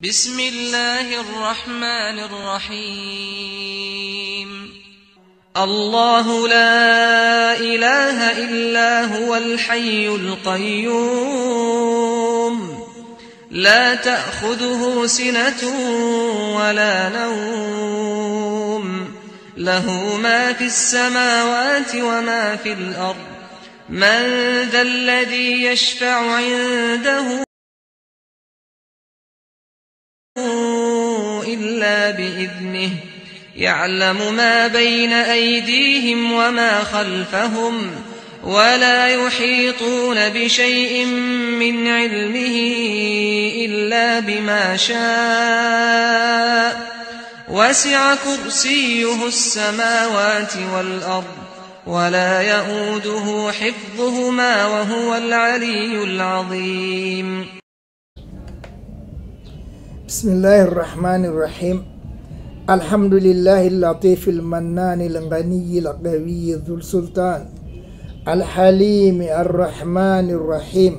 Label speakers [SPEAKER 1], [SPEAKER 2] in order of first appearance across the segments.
[SPEAKER 1] بسم الله الرحمن الرحيم الله لا اله الا هو الحي القيوم لا تاخذه سنه ولا نوم له ما في السماوات وما في الارض من ذا الذي يشفع عنده إلا بإذنه يعلم ما بين أيديهم وما خلفهم ولا يحيطون بشيء من علمه إلا بما شاء وسع كرسيه السماوات والأرض ولا يئوده حفظهما وهو العلي العظيم
[SPEAKER 2] بسم الله الرحمن الرحيم الحمد لله اللطيف المنان الغني القوي ذو السلطان الحليم الرحمن الرحيم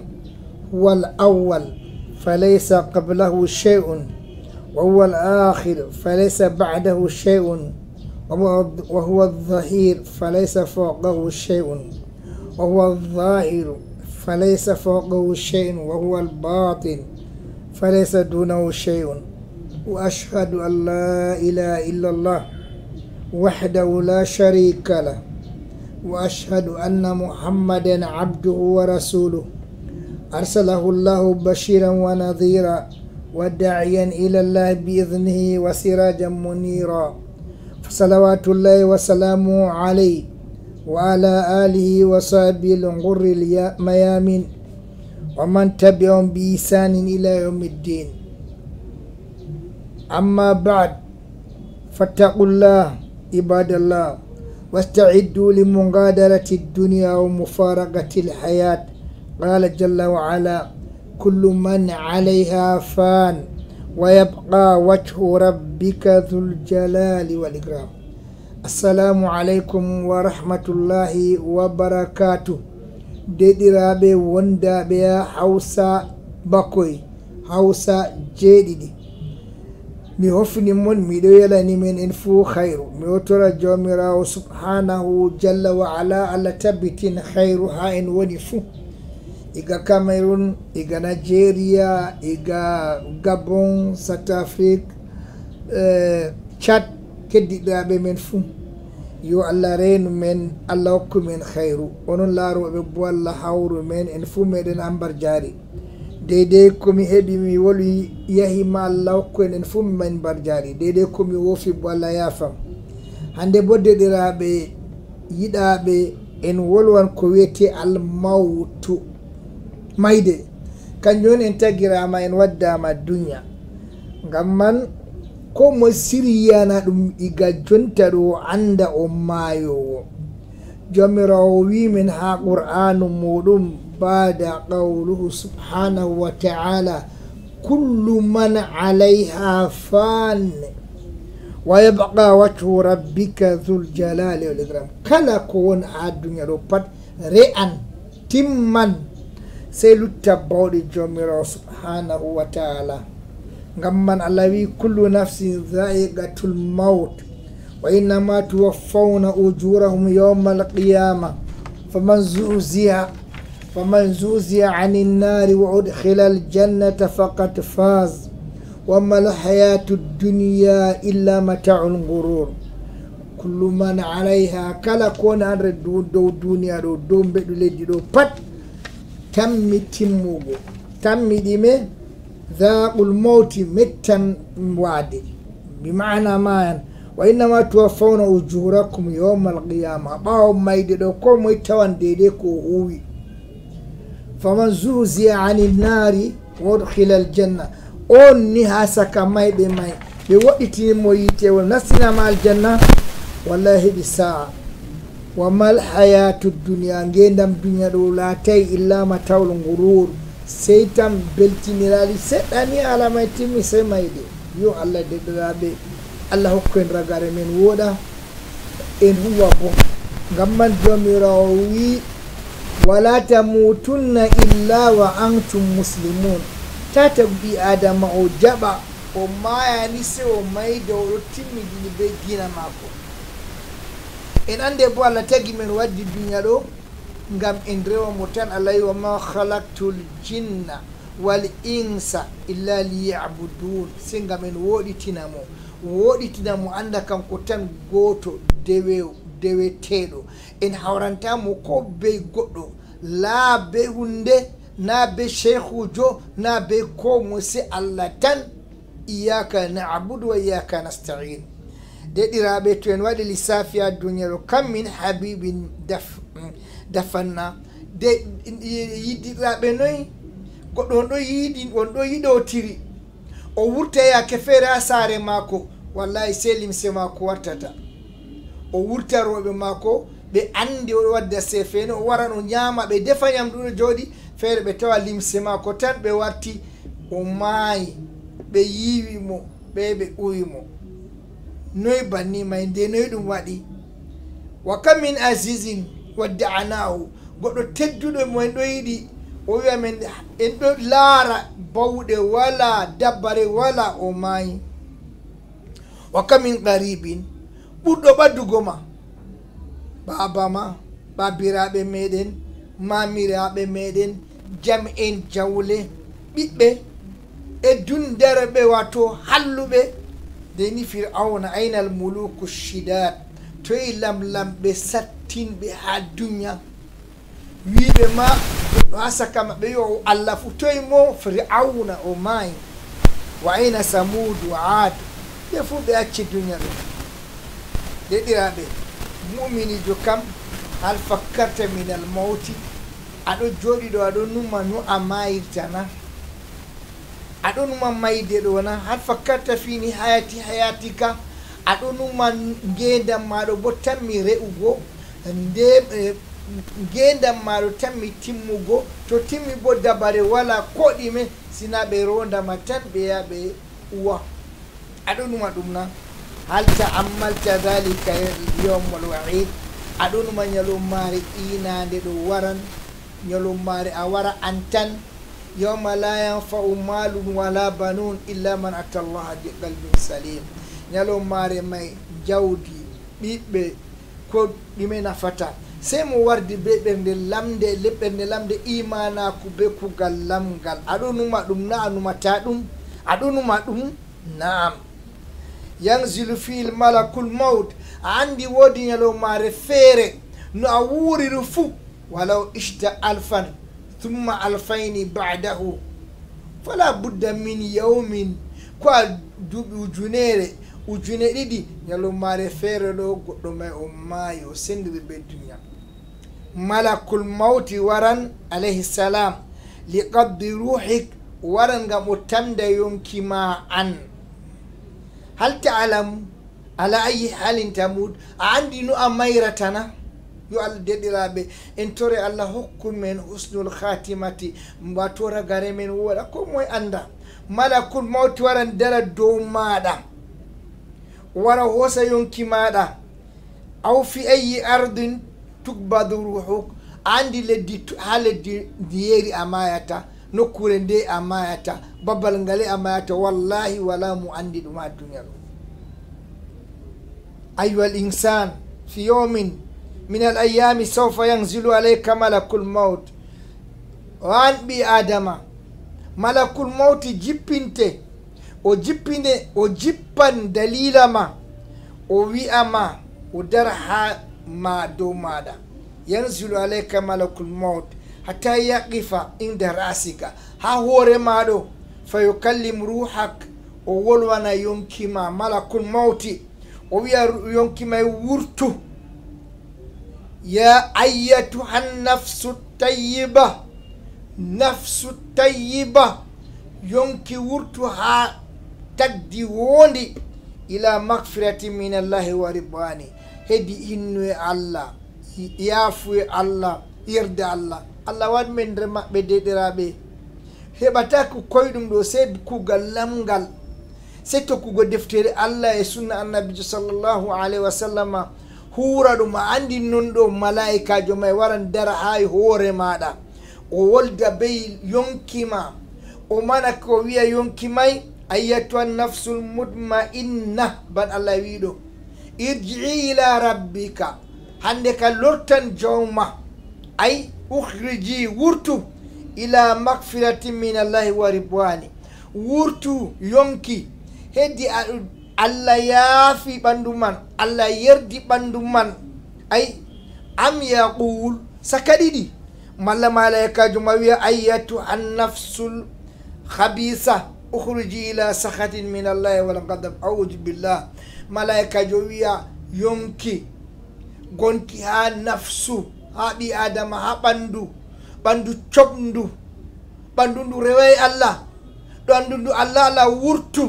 [SPEAKER 2] هو الأول فليس قبله شيء وهو الآخر فليس بعده شيء وهو الظهير فليس فوقه شيء وهو الظاهر فليس فوقه شيء وهو الباطن فليس دونه شيء وأشهد أن لا إله إلا الله وحده لا شريك له وأشهد أن محمدا عبده ورسوله أرسله الله بشيرا ونذيرا وداعيا إلى الله بإذنه وسراجا منيرا فصلوات الله وسلامه عليه وعلى آله وصحبه الغر الميامين ومن تبعهم بإحسان إلى يوم الدين أما بعد فاتقوا الله عباد الله واستعدوا لمغادرة الدنيا ومفارقة الحياة قال جل وعلا كل من عليها فان ويبقى وجه ربك ذو الجلال والإكرام السلام عليكم ورحمة الله وبركاته deɗiraɓe wondaɓe ha hawsa bakkoy hawsa jeeɗiɗi mi hofnimon miɗo yalanimen en fuu hayru mi wotora jamirawo subhanahu jalla wa ala allah tabbitin hayru ha en woni fuu iga cameron iga nigeria iga gabon south afrique eh, chat keddiɗaɓe men fuu yo allah reynu men allah hokku men hayru onon laarooɓe bo allah hawru men en fuu meɗen ambar jaari deydey komi heɓi mi wolu yahima allah hokku en en fuu mimen mbar jaari deydey komi woofi bo allah yaafam hannde bo deɗiraaɓe yiɗaaɓe en wolwan ko wiyete almawtu mayde kanjum on en tagirama en waddama duña ngam man koma na ɗum iga jonta ɗo anda on maayowo jomirawo wimin ha qur'anu muɗum bada qawluhu subhanahu wa ta'ala kullu man alayha fan wa yabqa wajhu rabbika dhul jalali wal ikram kala ko won ha duniya ɗo pat re'an timman sey lutta bawɗe jomirawo subhanahu wa ta'ala gam man allah wi kullu nafsin zaigatul maut wa innama tuwaffauna ujurahum yawma alqiyama faman zuziya faman zuziya ani nnari wa udkhila aljannata faqad faz wama alhayatu dduniya illa matau lgurur kullu man alayha kala kowoni andre dow duniya ɗo dow mbeɗu leddi ɗo pat tammi timmugo tammi ɗime ذاق الموت متا وعدل بمعنى ما وإنما توفون أجوركم mai القيامة باهم ما يدلوكم يتوان ديديكو هوي faman zuziya ani naari wodkhila aljanna on ni ha saka mayɓe may ɓe waɗitinimo yitewol nastinama aljanna walla heɓi wa mal hayatu duniya ngendam duniya ɗo laatay illa matawol ngururu sey tan beltiniraali seɗɗa ni alamay timmi sey mayɗe yo allah deɗoraɓe allah hokku en ragare men wooɗa en huwa bon ngam man jomirawo wii wala tamutunna illa wa antum muslimun tata ɓi adama o jaɓa o mayani se o mayde oɗo timmidini be gina maako en ande bo allah tagi men waddi duniya ɗo ngam en rewamo tan ala wa ma halaktu ljinna wal insa illa liyabudun se ngam en woɗitinamo woɗitinamo anda kam ko tan goto dewe deweteɗo en hawrantamo ko be goɗɗo laa be hunde na be cheikhujo na be komo se allah tan iyaka nabudu wa iyaka nastahin de ɗiraɓe to en waɗi lissafiya duniyaro kam min habibin dafa dafanna de yiddiɓaɓe noyi goɗɗo on ɗo yiiɗi on ɗo yiɗotiri o wurtayake feere ha saare maako wallahi se limse maako wartata o wurta roɓe maako ɓe andi oɗo wadda sefeni o waran o ñama ɓe defa ñamduɗo jooɗi feere ɓe tawa limse maako tan ɓe warti o maayi ɓe yiiwimo ɓe ɓe uyimo noyi banni may nde noyi ɗum waɗi wa kam min azizin wadde anawu goɗɗo tedduɗo mumen ɗo yiɗi o wi amen en ɗo laara bawɗe wala dabbare wala o maayi wa kamin garibin ɓurɗo ɓaddugo ma baba ma babiraɓe meɗen mamiraɓe meɗen jam en jawle ɓiɓɓe e dundere ɓe wato halluɓe deni firauna aynal muluku chidat toye lamlamɓe sattinɓe ha duniat wiɓe ma goɗɗo ha saka maɓɓe yo allah fo toye mo firauna o maayi wa ayna samoud wa aad ɓe fo ɓe acci duniat ɗo ɗeɗiraɓe muminijo kam hal fakkarta minal mawti aɗo jooɗi ɗo aɗo numa no a mayirtana aɗo numa mayde ɗo na hal fakkarta fini hayati hayati ka aɗonuma gendam maɗo bo tanmi re'ugo nde e, gendam maɗo tanmi timmugo to timmi bo dabare wala ko ɗime sina ɓe rondama tan ɓe yaha ɓe uwa aɗonuma ɗum na halta ammalta dalika yowmal waid aɗonuma ñalommare inande ɗo waran ñalommare a wara an tan yowma la yanfau malum wala banun illa man atallaha bi qalbin salim ñalowmaare may jawdi ɓiɓɓe ko ɗume nafata sey mo wardi be ɓernde lamde leɓɓernde lamde imanaku be kugal lamgal aɗo numa ɗum na a numata ɗum aɗo numa ɗum naam yangzilu fil malakul maut a andi woodi ñalowmaare feere no a wuuriru fuu walaw ishta alfan thumma alfayni baadahu fala budda min yawmin ko a duuɓi ujunere ujune ɗiɗi ñalumaare feere ɗo goɗɗo may o maayi o sendiri ɓe duniya malakul mawti waran alayhisalam li qabdi ruhik waran ngam o tamda yonki ma an hal ta alamu ala ayi halin tamud a andi no a mayratana yo allah deɗiraɓe en tore allah hokku men husnul khatimati mbatoragare men wooɗa ko moye anda malakul mawti waran dara dow maɗa wara hoosa yonki maɗa aw fi ayi ardin tukbadu ruhuk andi leddi ha leddi ndiyeri a mayata nokkure nde a mayata babbal ngale a mayata wallahi wala mo andi ɗum ha duniya ɗo ayuhal insan fi yawmin min al ayami saufa yanzilu alayka malakul maut wanɓi adama malakul mauti jippinte o jippine o jippan dalila ma o wi'ama o dara ha ma dow maɗa yanzilu alayka malakul maut hatta yaqifa inda rasika ha hoore maɗo fa yukallim ruhak o wolwana yonkima malakul mauti o yonki yonkimay wurtu ya ayyatuha nafsu tayyiba nafsu tayyiba yonki wurtu ha taddi wondi ila makfirati min allahi wa ribwani heedi innue allah yaafue allah yerde allah allah waɗumen nder maɓɓe deɗiraɓe heɓata ko koyɗum ɗo se kugal lamgal se tokkugo deftere allah e sunna annabijo sallllahu alayhi wa sallama huura ɗum a andi non ɗo malaikajo ma waran dara ha e hoore maɗa o wolda bey yonkima o mana ko wiya yonki may ayyatuha nafsul mudmainna bat allah wiɗo irji'i ila rabbika hande ka lortan jawma ay ukriji wurtu ila makfiratin min allahi wa ridwani wurtu yonki heddi allah yaafi ɓandu man allah yerdi ɓandu man ay am yaqul saka ɗiɗi malla malaikajo ma wiya ayyatuha nafsul khabisa ohruji ila sahatin min allahi wala gadab audu billah malaikajo wiya yonki gonki ha nafsu ha ɓi adama ha ɓandu ɓandu coɓndu ɓandu ndu rewey allah ɗo andu ndu allah ala wurtu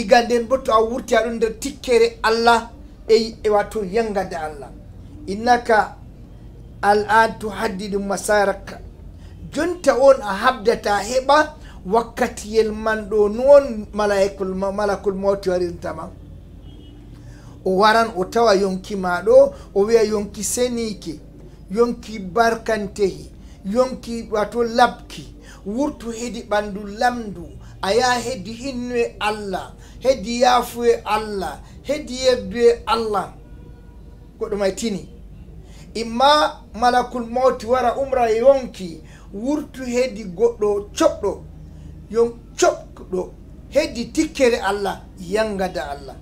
[SPEAKER 2] iga nden bo to a wurti aɗon nder tikkere allah ey e wato yangade allah innaka al an to haddi ɗum masaraka jonta on a habdata heɓa wakkatiyel man ɗo noon malaikul malakul mawti warintama o waran o tawa yonki maɗo o wiya yonki senike yonki barkantehi yonki wato labki wurtu hedi ɓandu lamdu a yaha heddi hinnu e allah heddi yaafu e allah heddi yeddu e allah goɗɗo may tini imma malakul mawti wara umra yonki wurtu heedi goɗɗo coɓɗo yon cokɗo heddi tikkere allah yangada allah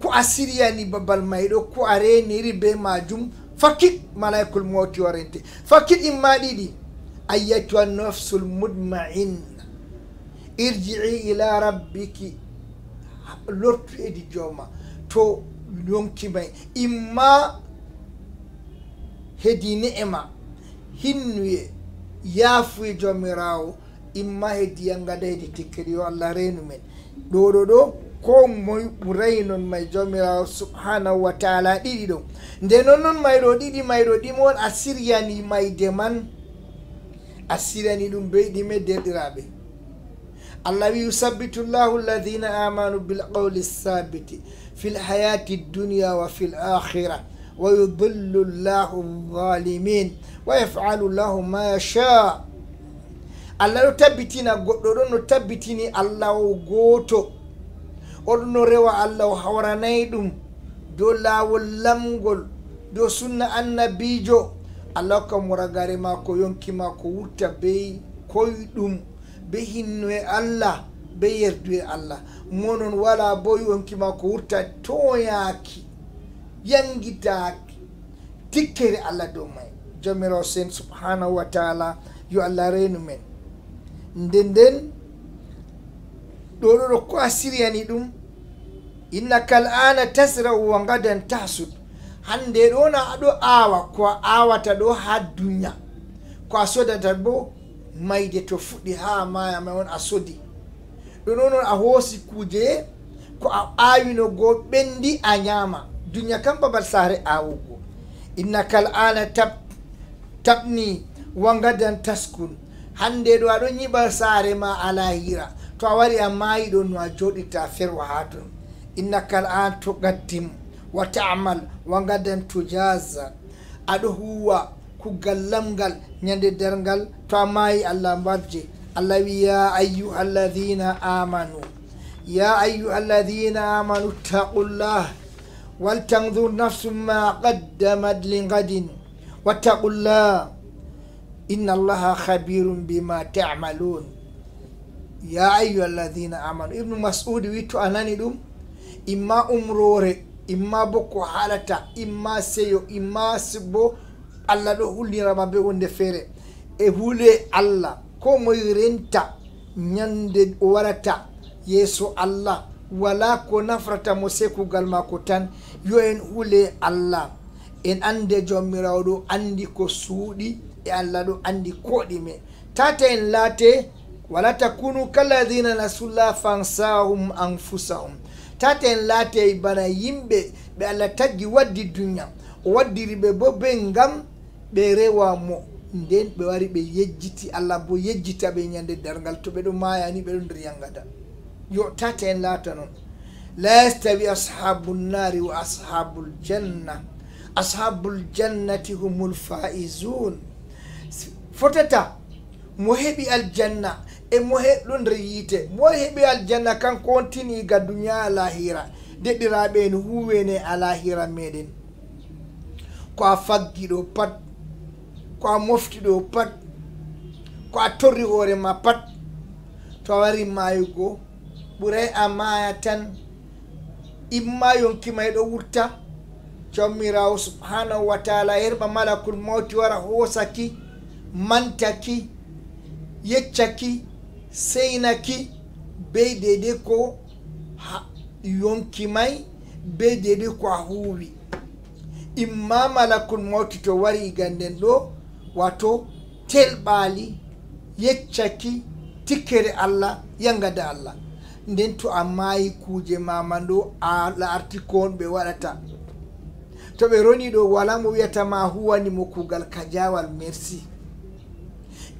[SPEAKER 2] ko a siriyani babal mayɗo ko a reniri be majum fakit malaikul mawti warente fakit imma ɗiɗi ayyatuha nafsul mudmainna irjii ila rabbiki lortu edi jooma to yonki may imma hedi ne ema hinnuye yaafuye joomirawo imma he diyam gadaydi tikkiri yo allah reynu men ɗo ɗo ɗo ko moy ɓuray noon may jamirawo subhanahu wa taala ɗiɗi ɗo nde noon noon mayɗo ɗiɗi mayɗo ɗimon a siryani mayde man a siryani ɗum be ɗime derɗiraɓe allah wi usabbitullahu alladina amanu bilqawli sabiti fi lhayati dunia wa fi l akhira wa yudillu llahu lzalimin wa yafalu llahu ma yasha allah ɗo tabbitina goɗɗo ɗon no tabbitini allah o gooto oɗon no rewa allah o hawranayi ɗum dow laawol lamgol dow sunna annabijo allah hokka moragare maako yonki maako wurta be koyɗum be hinno e allah be yerdu e allah monon wala bo yonki maako wurta toyaaki yangitaaki tikkere allah dow may jomirosen subhanahu wa taala yo allah reynu men nden nden ɗo ɗoɗo ko a siryani ɗum inna kal ana tasrau wa gadan tasud hande ɗona aɗo awa ko a awata ɗo ha duniya ko a sodata bo mayde to fuɗɗi ha maya mai on a sodi ɗononon a hoosi kuje ko a awino go ɓendi a ñama duniya kam babal sare awugo inna kal ana tab tabni wa gadan taskud hande ɗo aɗon nyiɓa saare ma ala hira to a wari a maayi ɗon no a joɗirta ferwa ha ton innaka al an tuqaddim wa tamal wa gadan tujaza aɗo huwa kugal lamgal ñande dergal to a maayi allah mbabje allah wi ya ayuha alladina amanu ya ayuha alladina amanu ittaqullah waltandur nafsu ma qaddamat li wattaqullah inna allaha khabirum bima tamalun ya ayuha alladina amanu ibnu masudi witto a nani ɗum imma umrore imma bo ko haalata imma seyo imma bo allah ɗo hullirama be wonde feere e huule allah ko moye renta ñande o warata yeeso allah wala ko nafrata mo sekugal mako tan yo en huule allah en ande jomirawɗo andi ko suuɗi e allah ɗo andi koɗime tata en laate wala takunu kalladina nasulla fansahum anfusahum tata en laate bana yimɓe ɓe allah taggi waddi duniya o waddiriɓe bo ɓe ngam ɓe rewa mo nden ɓe wari ɓe yejjiti allah bo yejjita ɓe ñande dargal to ɓeɗo mayani ɓeɗo nder yangada yo tata en laata noon la yastawi ashabunnari wa ashabuljanna ashabuljannati humul faizune fotata mo heɓi aljanna e mo heɗɗo nder yiite mo heɓi aljanna kan kontini ga duniya alahira de ɗiraɓe en huwene alahira meɗen ko a faggi ɗo pat ko a mofti ɗo pat ko a torri hoorema pat to a wari maayugo ɓuray a maaya tan imma yonki may ɗo wurta jawmirawo subhanahu wa taala herɓa malakul mawti wara hoosaki mantaki yeccaki seinaki be dede ko mai be dede ko a huwi imma malakul mauti to wari ganden ɗo wato telɓali yeccaki tikkere allah yangada allah nden to a mayi kuje mama ɗo a arti ko ɓe waɗata to ɓe roni ɗo wala mo wiyatama ma huwani mo kuugal kajawal merci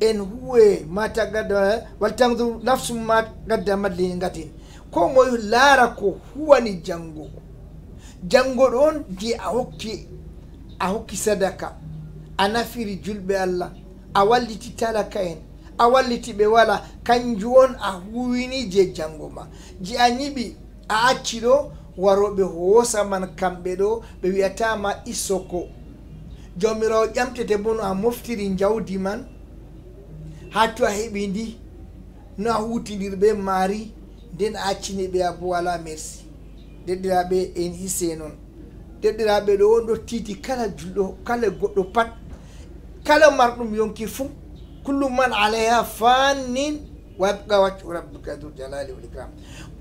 [SPEAKER 2] en huwe mata gada wal tanzur ma gada li ngatin ko moy laara ko huwani jango jango don di je a hokki a hokki sadaka a nafiri julɓe allah a walliti talaka en a walliti ɓe wala kanju on a huwini je jango ma je a a acci ɗo waroɓe hoosa man kamɓe ɗo ɓe wiyatama isoko jomirawo ƴamtete bono a moftiri jawdi man ha to a heeɓi ndi no a hutidir ɓe maari nden a accine ɓe abo wala merci deɗɗiraɓe en hise noon deɗɗiraɓe ɗo on ɗo titi kala julɗo kala goɗɗo pat kala marɗum yonki fuu kulluman alayha fannin wabga waccu rabbika dul jalali wal ikram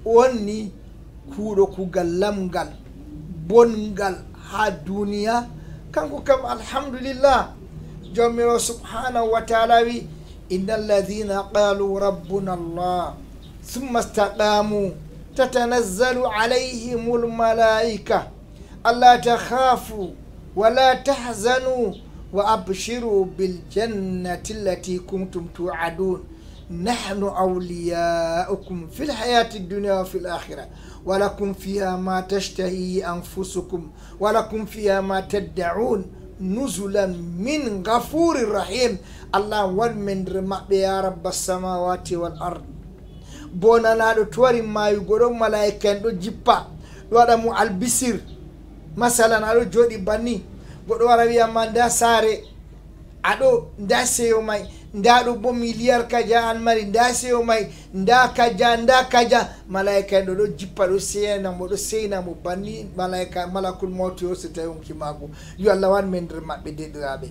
[SPEAKER 2] on ni kuuɗo kugal lamgal bongal ha duniya kanko kam alhamdulillah jomiro subhanahu wa taala wi إن الذين قالوا ربنا الله ثم استقاموا تتنزل عليهم الملائكة ألا تخافوا ولا تحزنوا وأبشروا بالجنة التي كنتم توعدون نحن أولياؤكم في الحياة الدنيا وفي الآخرة ولكم فيها ما تشتهي أنفسكم ولكم فيها ما تدعون nuzulan min gafuri rahim allah wanmen nder maɓɓe ya rabba samawati wal ard bo nanaɗo to wari mayugo ɗo malaika en ɗo jippa ɗo waɗa mo albisir masalan aɗo jooɗi banni goɗo wara wiyama nda saare aɗo nda seyo may nda ɗum bo milliard kaja an mari nda sewo may nda kaja nda kaja malaika ɗo ɗo jippa ɗo seynamo ɗo seynamo banni malaika malakul mawto yo so tawi onki maako yo allah wan men nder maɓɓe deɗiraɓe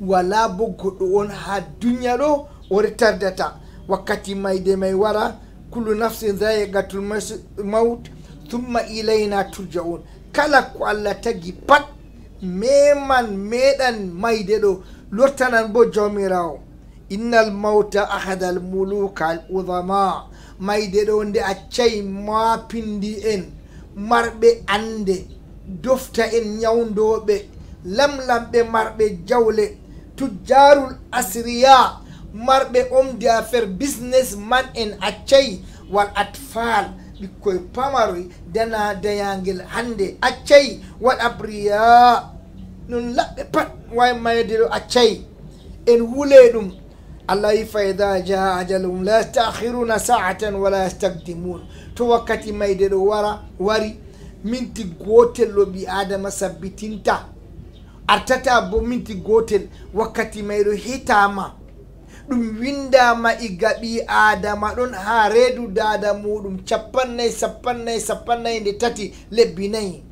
[SPEAKER 2] wala bo goɗɗo on ha duniya ɗo ore tardata wakkati may de may wara kullu nafsi daye gatul maut tumma ilayna turja on kala ko allah tagi pat meman meɗan mayde ɗo lortanan bo jawmirawo innal mawta ahada al muluka al udama mayde ɗo nde accayi mapindi en marɓe ande dofta en ñawdoɓe lamlamɓe marɓe jawle tujjarul asriya marɓe omde affaire business man en accayi wal atfal ɓikkoye pamaroy dana dayangel hande accayi wal abriya non laɓɓe pat way mayedeɗo accayi en wule ɗum allah wi fa ida jaa ajalum la yastahiruna saatan wala yastakdimun to wakkati mayde ɗo wara wari minti gotello ɓi adama sabbitinta artata bo minti gotel wakkati mayɗo hitama ɗum windama e gaɓi adama ɗon ha reedu dada muɗum capannayyi sappannayyi sappannayyi nde tati lebbi nayyi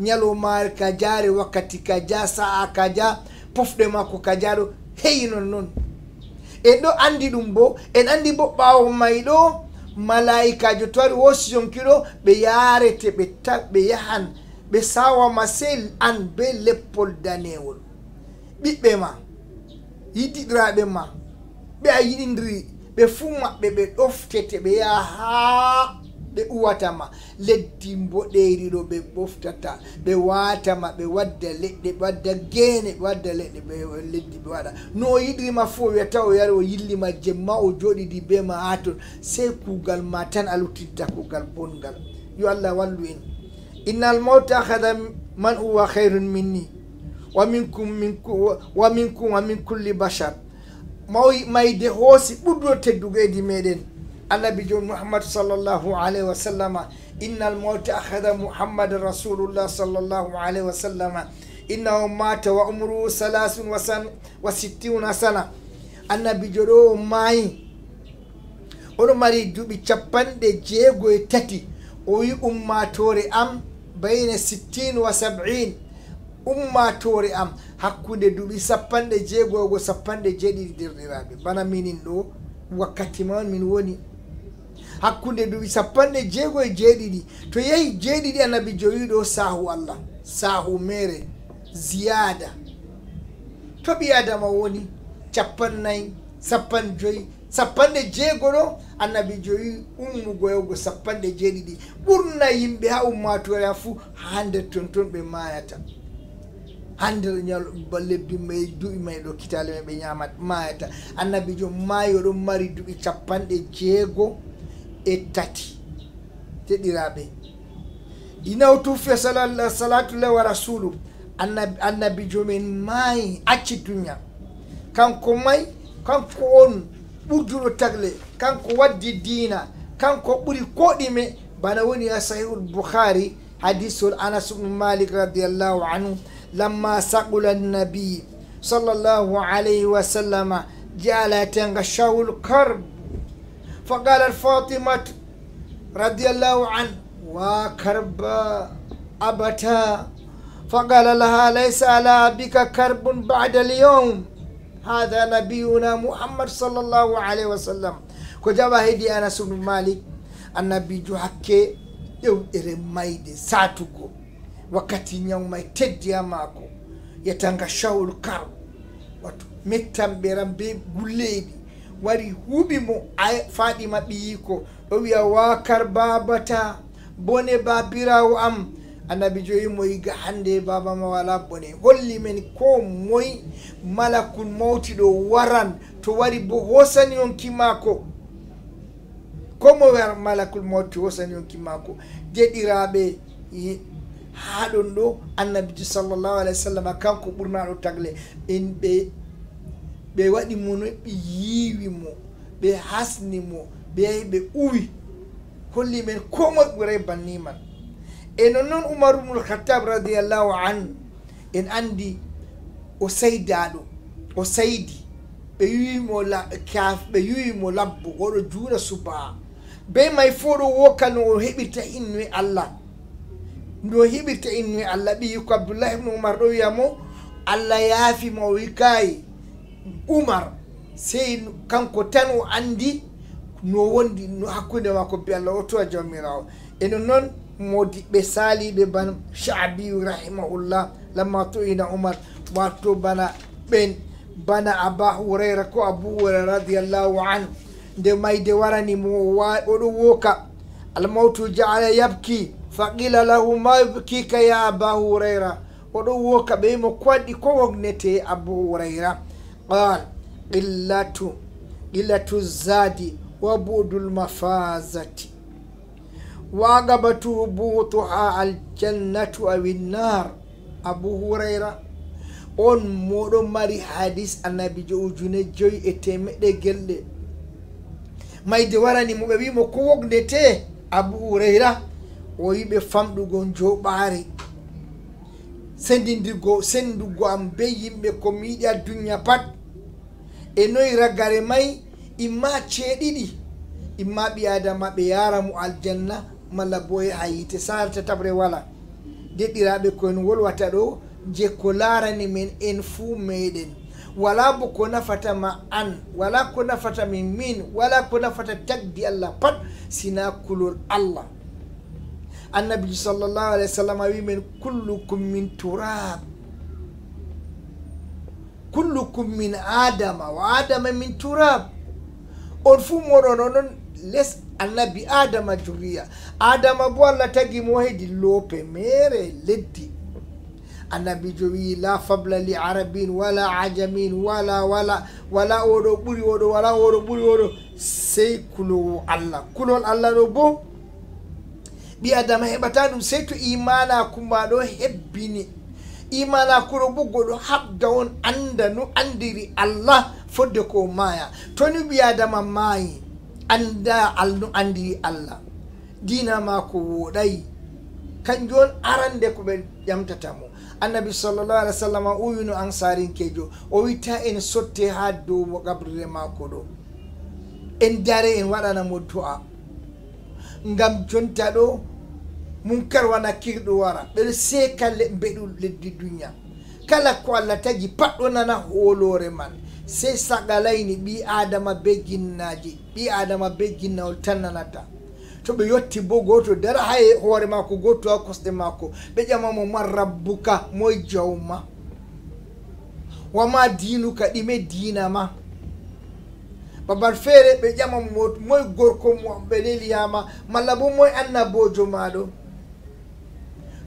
[SPEAKER 2] ñalowmaare ka jaare wakkati ka ja sa'a ka ja pofɗe makko ka jaɗo heyi non noon en ɗo andi ɗum bo en andi bo ɓawo may ɗo malayikajo to wari wosi yonkiɗo ɓe yarete ɓe ta ɓe yahan ɓe sawama sey an be leppol danewol ɓiɓɓe ma yiddiɗiraɓe ma ɓe a yiɗidiri ɓe fuu maɓɓe ɓe ɗoftete ɓe yaha haa ɓe uwatama leddi mboɗeyri ɗo ɓe ɓoftata ɓe watama ɓe wadda leɗɗe ɓe wadda gene ɓe wadda leɗɗe ɓe leddi ɓe waɗa no o yiɗrima fo wiyata o yari o yillima jemma o joɗidi be ma ha ton sey kugal ma tan a luttitta kugal bongal yo allah wallu en inna almauta hada man huwa hayrun minni wa minkum wa minkum wa min culli bachar mawi mayde hoosi ɓuɗɗo tedduga edi meɗen annabi joni mouhamadou sallllahu alayhi wa sallama innal mawta ahada mouhammadan rasulullah sallllahu alayhi wa sallama innahu mata wa umruhu salasun wa sittiuna sana annabi jo ɗo maayi oɗo mari duuɓi capanɗe jeegoye tati o wi ummatore am bayna sittin wa sabin ummatore am hakkude duuɓi sappanɗe jeegoygo sappanɗe jeeɗiɗi derɗiraɓe bana minin ɗo wakkati man min woni hakkunde duuɓi sappanɗe jeego e jeeɗiɗi to yehi jeeɗiɗi annabi joyiɗo saahu allah saahu mere ziyada to ɓi adama woni capannayyi sappan joyi sappanɗe jeego ɗo annabi joyi ummugoyowgo sappanɗe jeeɗiɗi ɓurna yimɓe ha ummatoya fuu ha nder ton ton ɓe mayata ha nder ñal lebbi ma duuɓi may ɗo kitale ma ɓe ñama mayata annabi jo mayo ɗo mari duuɓi capanɗe jeego e tati teɗiraɓe inaw tufia salatullahi wa rasulu annabi jomin mayi acci duña kanko may kanko on ɓurduɗo tagle kanko waddi dina kanko ɓuri ko ɗime bana woni ha sahihu lboukhari hadisol anas ubnu malik radiallahu anhu lamma sagula nnabi sallallahu alayhi wa sallama jaalatenga shawul karb فقال الفاطمة رضي الله عنه وكرب أبتها فقال لها ليس على أبيك كرب بعد اليوم هذا نبينا محمد صلى الله عليه وسلم كجابة هدي أنا بن مالك النبي جوحكي حكي يو إرمايدي ساتوكو wakati nyauma iteddi amaako yatanga shawul kar watu mettambera be gulleeɗi wari huɓi mo a faɗima ɓiyiko ɗo wiya wakar babata bone babirawo am annabi joyi moyiga hande babama wala bone holli men ko moy malakun mawtiɗo waran to wari bo hosani on kimmako ko mo malakul mawti hosani on kimmako deɗiraɓe haɗon ɗo annabi ji sallllahu alah wa sallam kanko ɓurnaɗo tagle en ɓe ɓe waɗi mo no ɓe yiiwi mo ɓe hasni mo ɓe yahi ɓe uwi holli men ko moe ɓuray banni man e non noon oumaru bnul khatab radiallahu an en andi o saydaɗo o saydi ɓe yiwimo kaf ɓe yiwimo labbo oɗo juuɗa subaa be may fou ɗo woka no o heɓirta innue allah no heɓirta innue allah ɓi yikko abdoullahi ibnu oumar ɗo wiya mo allah yaafi mo o wi kaye umar sey kanko tan o andi no wondi hakkude makko bialla o to jawmirawo ene noon modi ɓe saaliɓe ban chaabiu rahimahullah lamma toina umar wato bana ɓen bana aba hurayra ko abuhura radiallahu anu nde mayde warani mo oɗo wooka almawtu jaala yabki faqila lahu ma yubkika ya aba hurayra oɗo wooka ɓe wimo ko waɗɗi ko wognete abu hurayra qaal qillatu qillatu zadi wa budul mafazati wagabatuhu butuha aljannatu awi nar abu hurayra on moɗo mari hadis annabijo ujune joyi e temeɗe gelɗe mayde warani moɓe wimo ko wognete abu hurayra o yiɓe famɗugo joɓaari sendidigo sendugo am be yimɓe ko mi yiɗi a duña pat e noyi raggare may imma ceeɗiɗi imma ɓi adama ɓe yara mo aljanna malla boye ha yite sarata tabre wala deɗiraɓe koyen wolwata ɗo je ko larani min en fuu meɗen wala bo ko nafata ma an wala ko nafata min min wala ko nafata tagdi allah pat sina kulol allah annabiji sallllahu alih wa sallam wi min kullukum min turab kullukum min adama wa adama min turab on fuu moɗon onon les annabi adama juriya adama bo allah tagi mo hedi loope mere leddi annabi jo wi la fabla li arabin wala ajamin wala wala wala oɗo ɓuri oɗo wala oɗo ɓuri oɗo sey kulowo allah kulol allah ɗo bo ɓi adama heɓata ɗum sey to imana kumma ɗo hebbini imana kuro bo goɗo habda on anda no andiri allah fodde ko maya toni ɓiyadama maayi anda al no andiri allah dina mako woɗayi kanjum on arande ko ɓe ƴamtatamo annabi sallallah alih w sallam uwino ansarinkejo o witta en sotte ha dow gabrire mako ɗo en dare en waɗanamo do'a ngam jonta ɗo munkar wana kirɗo wara ɓeɗo seka mbeɗu leddi duniya kala ko allah tagi patɗo nana hoolore man sey sagalayni ɓi adama be ginnaji ɓi adama be ginnawol tan nanata toɓe yotti bo goto dara ha e hoore mako goto ha kosɗe mako ɓe ƴamamo man rabbuka moye jawma wama diinuka ɗime diinama babal feere ɓe ƴamamo moye gorko mo ɓe leliyama malla bo moye annabojo maɗo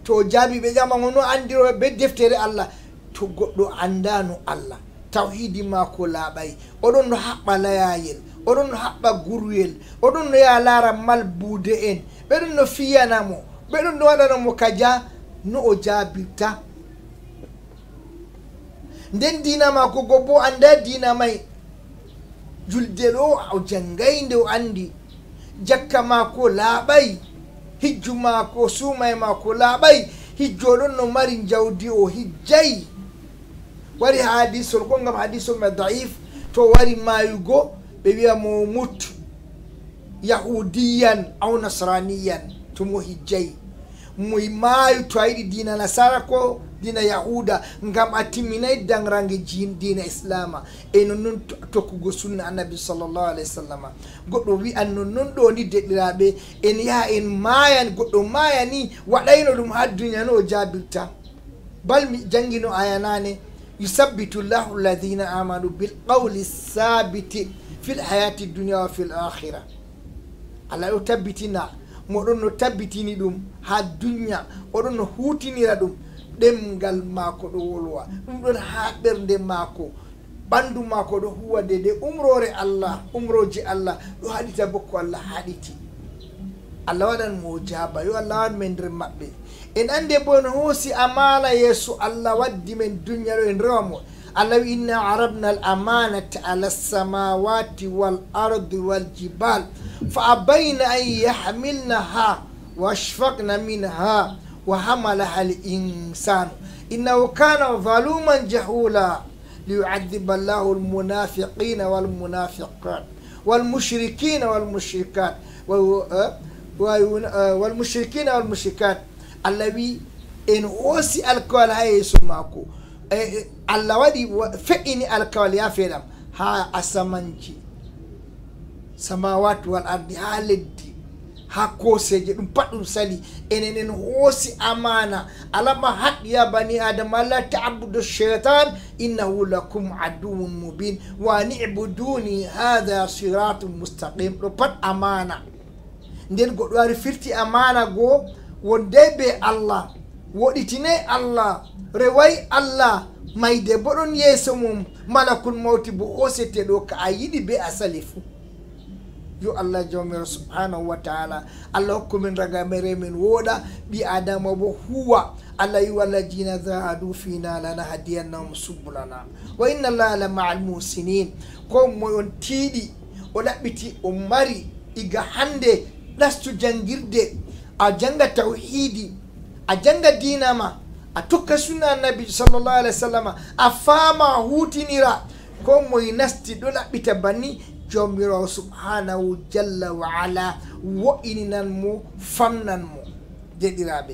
[SPEAKER 2] to jaabi ɓe ƴama ono andiro be deftere allah to goɗɗo andano allah tawhidi mako laaɓay oɗon no haɓɓa layayel oɗon no haɓɓa guruyel oɗon no yaha laara malbuude en ɓeɗon no fiyanamo ɓeɗon no waɗanamo kadia no o jaabirta nden dina mako go bo anda dina may juldel o o jangayde o andi jakka mako laaɓay hijju maako o suuma e maako laaɓay hijjo ɗon no mari jawdi o hijjayi wari ha hadisol gol ngam hadisol ma daif to wari maayugo ɓe wiya mo mut yahudiyan aw nasraniyan tomo hijjayi mo maayu to a yiɗi dina nasara ko dina yahuda gam a timminayi dangrange dina islama e nonnon tokkugo sunna annabi sallllahu alayhi wa sallam goɗɗo wiyan nonnon ɗo ni deɗɗiraɓe en yaha en mayan goɗɗo maya ni waɗayno ɗum ha duniya no o jabirta balmi jangino ayanane yusabbitu llahu alladina amanu bilqawli sabiti fil hayati dunia wa fil akhira alla o tabbitina moɗon no tabbitini ɗum ha dunia oɗon no hutinira ɗum ɗemgal maako ɗo wolwa ɗum ɗon haa ɓernde maako ɓanndu maako ɗo huwa de de umrore allah umroji allah ɗo haɗita bokko allah haɗiti allah waɗan mo jaaba yo allah waɗ men nder maɓɓe en annde bo en hoosi amaana yeeso allah waddi men duniya ɗo en rewa mo allah wi inna arabna al amanata ala samawati wal ardi wal jibal fa abayna an yahmilna ha wa ashfakna min ha وحملها الإنسان إنه كان ظلوما جهولا ليعذب الله المنافقين والمنافقات والمشركين والمشركات أه؟ أه؟ والمشركين والمشركات الذي إن أوسي الكوال هاي سماكو أه؟ الله ودي فإني الكوال يا فيلم ها أسمانجي سماوات والأرض ها ha koseje ɗum pat ɗum sali enen en hoosi amana alama haqya bani adama la tabudu cheitan innahu lakum aduwun mubin wani ibuduni hatha siratu mustaqim ɗo pat amana nden goɗɗo wari firti amana goo wondey be allah woɗitinay allah rewayi allah mayde bo ɗon yeeso mum malakul mawti bo hoosete ɗo ka a yiɗi be asali fuu yo allah jawmiro subhanahu wa taala allah hokkumin raga mere min wooɗa ɓi adama bo huwa allah yi walla jina dadu fina lana hadiyannahum subulana wa inna llaha la maa almusinin ko moy on tiiɗi o ɗaɓɓiti o mari iga hande ɗastu jangirde a janga tawhidi a janga dinama a tokka sunna annabi sallllahu alih wa sallam a faama hutinira ko moye nasti ɗo ɗaɓɓita banni jomirawo subhanahu jalla wa ala wo'ininan mo famnan mo deɗiraɓe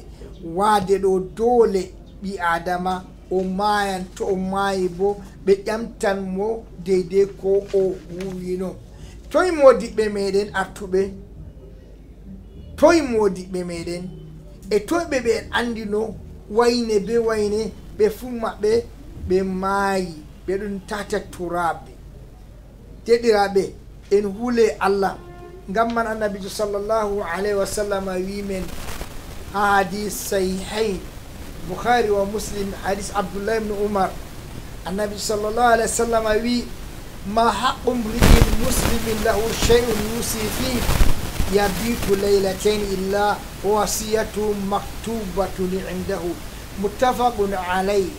[SPEAKER 2] waade ɗo doole ɓi adama o maayan to o maayi bo ɓe ƴamtan mo deydey ko o wuwino toye modiɓɓe meɗen artuɓe toye modiɓɓe meɗen e toyɓe ɓe en andino wayne be wayne ɓe fu maɓɓe ɓe maayi ɓeɗon tata turaɓe jeɗiraɓe en huule allah ngam man annabijo sallllahu alayhi wa sallam wimen ha hadis sahihain bouhari wa muslim hadis abdoullah ibnu umar annabijo sallllahu alayhi wa sallam wi ma haqqu mriin muslimin lahu cheyun yusi fi yabitu laylatain illa wasiyatu maktubatun indahu muttafaqun alayh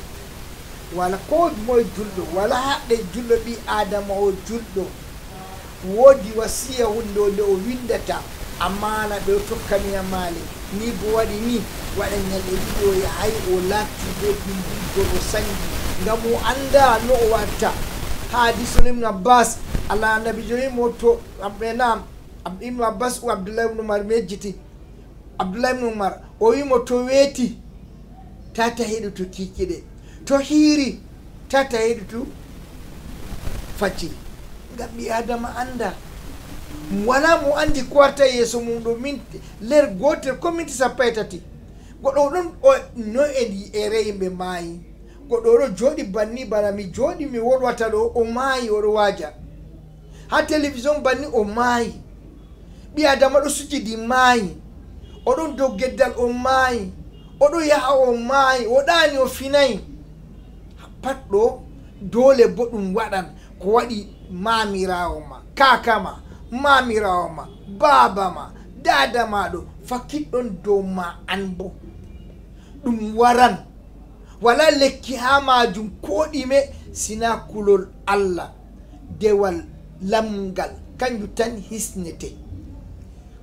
[SPEAKER 2] wala ko moye julɗo wala haɓɗe julɗo ɓi adama o julɗo woodi wasiya hunde o nde o windata a maana ɓe tokkamiya e maale ni bo waɗi ni waɗa ñalɗe ɗiɗo yahay o laatti ɗo ɗimbiɗo o sañgi ngam o annda no o watta haadi solimne abbas ala nabi joyimo to ɓena ibnu abbas o abdoullah ibnu umar mejjiti abdoullah ibnu umar o wimo to weeti tata heɗo to kiiki ɗe to hiiri tata yeɗi tu facci ngam ɓi adama annda wala mo andi ko warta yeeso muɗo min ler gotel ko minti sappo e tati goɗo ɗon no en e, e re yimɓe maayi goɗo ɗo jooɗi banni bana mi jooɗi mi woɗwata ɗo o maayi oɗo waaja ha télévision banni o maayi ɓi adama ɗo sujidi maayi oɗon dow geddal o maayi oɗo yaha o maayi o ɗaani o finayi pat ɗo dole bo ɗum waɗan ko waɗi mamirawo ma kakama mamirawo ma baba ma dada maɗo fakkiɗɗon dow ma an bo ɗum waran wala lekki ha majum ko ɗime sina kulol allah dewal lamgal kanjum tan hisnete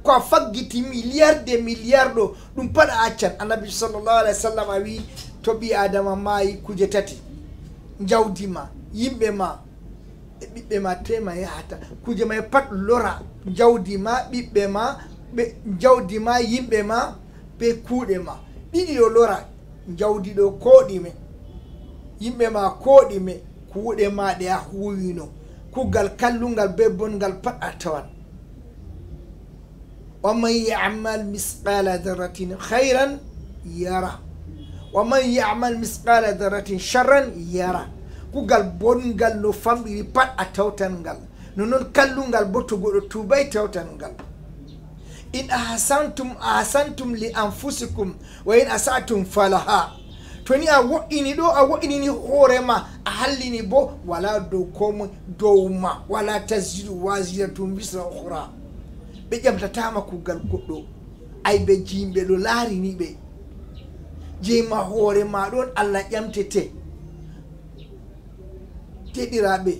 [SPEAKER 2] ko a faggiti milliarde milliard ɗo ɗum pat a accan annabi sallllahu alah w sallam a wi to ɓi adama mayi kuje tati jawdi ma yimɓe ma e ɓiɓɓe ma tema yahata kuuje may pat lora jawdi ma ɓiɓɓe ma ɓe jawdi ma yimɓe ma ɓe kuuɗe ma ɗiɗi ɗo lora jawdi ɗo kooɗime yimɓe ma kooɗime kuuɗe ma ɗe a huwino kuugal kallungal be bongal pat a tawan wa man yamal misqala darratin hayran yara wa man yamal misqala daratin charran yara kugal bongal no famɗiri pat a tawtan ngal nonoon kallungal bo to goɗo tubay tawtan ngal in ahasantum ahasantum li anfusicum wa in asatum falaha to ni a woɗɗini ɗo a woɗɗinini hoorema a hallini bo wala dow komu dowma wala tasjidu wasiratum wisra ohra ɓe ƴamtatama kugal goɗɗo ay ɓe jimɓe ɗo laariniɓe jeima hoore ma ɗon allah ƴamtete teɗiraɓe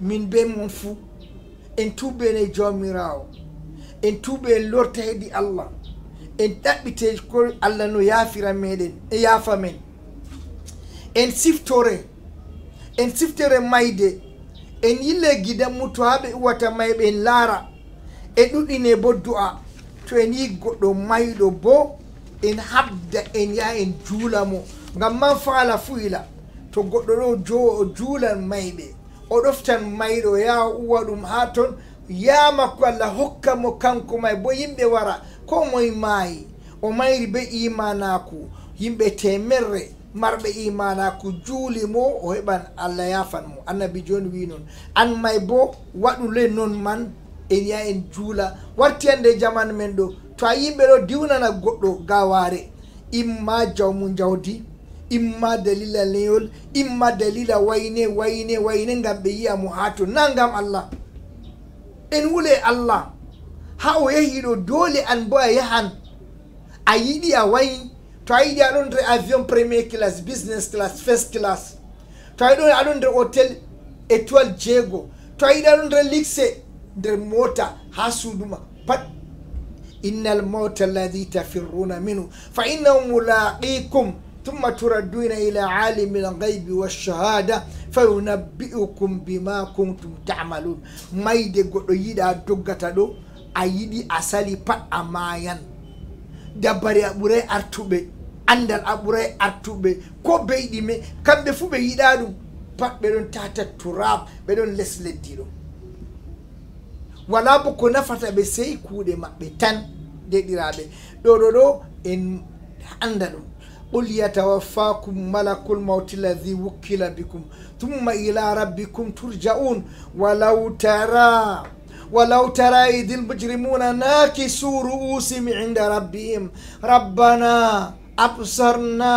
[SPEAKER 2] min be mon fuu en tubbene jawmirawo en tuuɓe en lorta heddi allah en ɗaɓɓite ko allah no yaafira meɗen e yaafa men en siftore en siftere mayde en yille guida muto ha ɓe uwata mayɓe en laara e ɗuɗɗine bo du'a to en yi goɗɗo mayɗo boo en habda en yaha en juula mo ngam man faala fuyla to goɗɗo ɗo jo o juulan mayɓe o ɗoftan mayɗo yaha uwa ɗum ha toon yamakko allah hokka mo kanko may bo yimɓe wara ko moye maayi o mayri be imanaku yimɓe temerre marɓe imanaku juuli mo o heɓan allah yafan mo annabi joni wi noon an may bo waɗule noon man en yaha en juula warti ande jamane men ɗo to a yimɓe ɗo diwnana goɗɗo gaware imma jawmu jawdi imma dalila leyol imma dalila wayne wayne wayne gam ɓe yiyamo ha to na gam allah en wule allah ha o yehiɗo dole an bo a yahan a yiɗi a wayi to a yiɗi aɗon nder avion premier class business class first class to a yiɗo aɗon nder hôtel étoile jeego to a yiɗi aɗon nder luxe nder mota ha suuduma pat inna almauta alladhi tafiruna minhu fa innahu mulaqikum tumma turadduna ila alimi alghaibi waalshahada fayunabbiukum bima kuntum tamalun mayde goɗɗo yiɗa doggata ɗo a yiɗi a sali pat a mayan dabbari a ɓuuray artuɓe andal a ɓuuray artuɓe ko beyɗime kamɓe fuu ɓe yiɗa ɗum pat ɓeɗon tata turab ɓeɗon les leddi ɗo wala bo ko nafata ɓe sey kuuɗe maɓɓe tan deɗiraɓe ɗo ɗo ɗo en anda ɗum qul yatawaffakum malakul mawti lladi wukkila bikum thumma ila rabbikum turja'un walaw tara ولو ترى إذ المجرمون ناكسوا رؤوسهم عند ربهم ربنا أبصرنا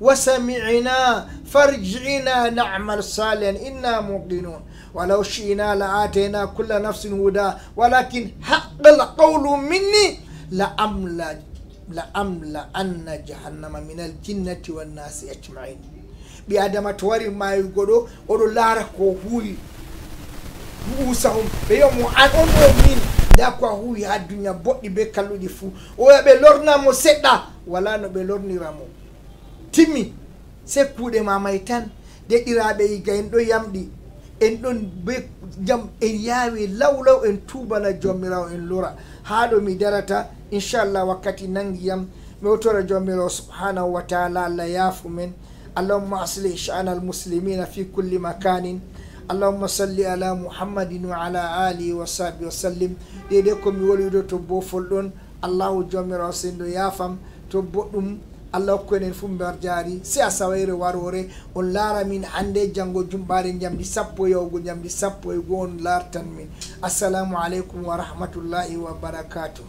[SPEAKER 2] وسمعنا فارجعنا نعمل صالحا إنا موقنون walaw shina la atayna culla nafsin huda walakin haqal qawlu minni la amla la amla anna jahannama min aljinnati wannasi ajmain ɓi adama to wari mayi goɗo oɗo laara ko huwi usahum ɓe yomo an on o min nda ko a huwi ha duniya boɗɗi be kalluɗi fuu oya ɓe lornamo seɗɗa wala no ɓe lorniramo timmi se kuuɗe mamay tan deɗiraɓe yigayen ɗo yamɗi en ɗon be jam en yaawi lawlaw en tuubana joomirawo en lora haa ɗo mi darata inchallah wakkati nangi yam mi wotora joomirawo subhanahu wa taala allah yaafu men allahumma asli chana almuslimina fi kulli makanin allahumma salli ala muhammadin wa ala alihi wa sahbi wa sallim deydei komi woliɗo to bofol ɗon allahu joomirawo sen ɗo yaafam to boɗɗum allah hokku enen fu mbar jaari si a sawayre warore on laara min hannde janngo jumɓaare jamdi sappo yawgo jamdi sappo e goo e on lartan min assalamu aleykum wa rahmatullahi wa barakatuh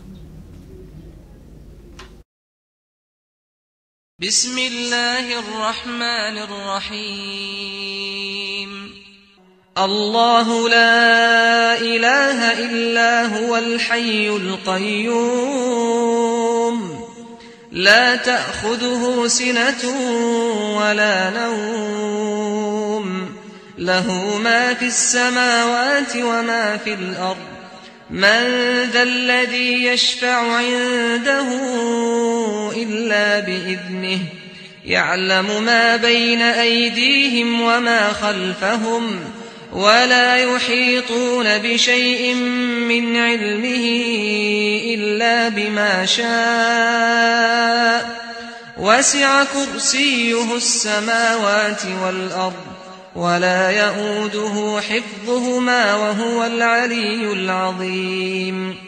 [SPEAKER 1] بسم الله الرحمن الرحيم الله لا اله الا هو الحي القيوم لا تأخذه سنة ولا نوم له ما في السماوات وما في الأرض من ذا الذي يشفع عنده إلا بإذنه يعلم ما بين أيديهم وما خلفهم ولا يحيطون بشيء من علمه إلا بما شاء وسع كرسيه السماوات والأرض ولا يئوده حفظهما وهو العلي العظيم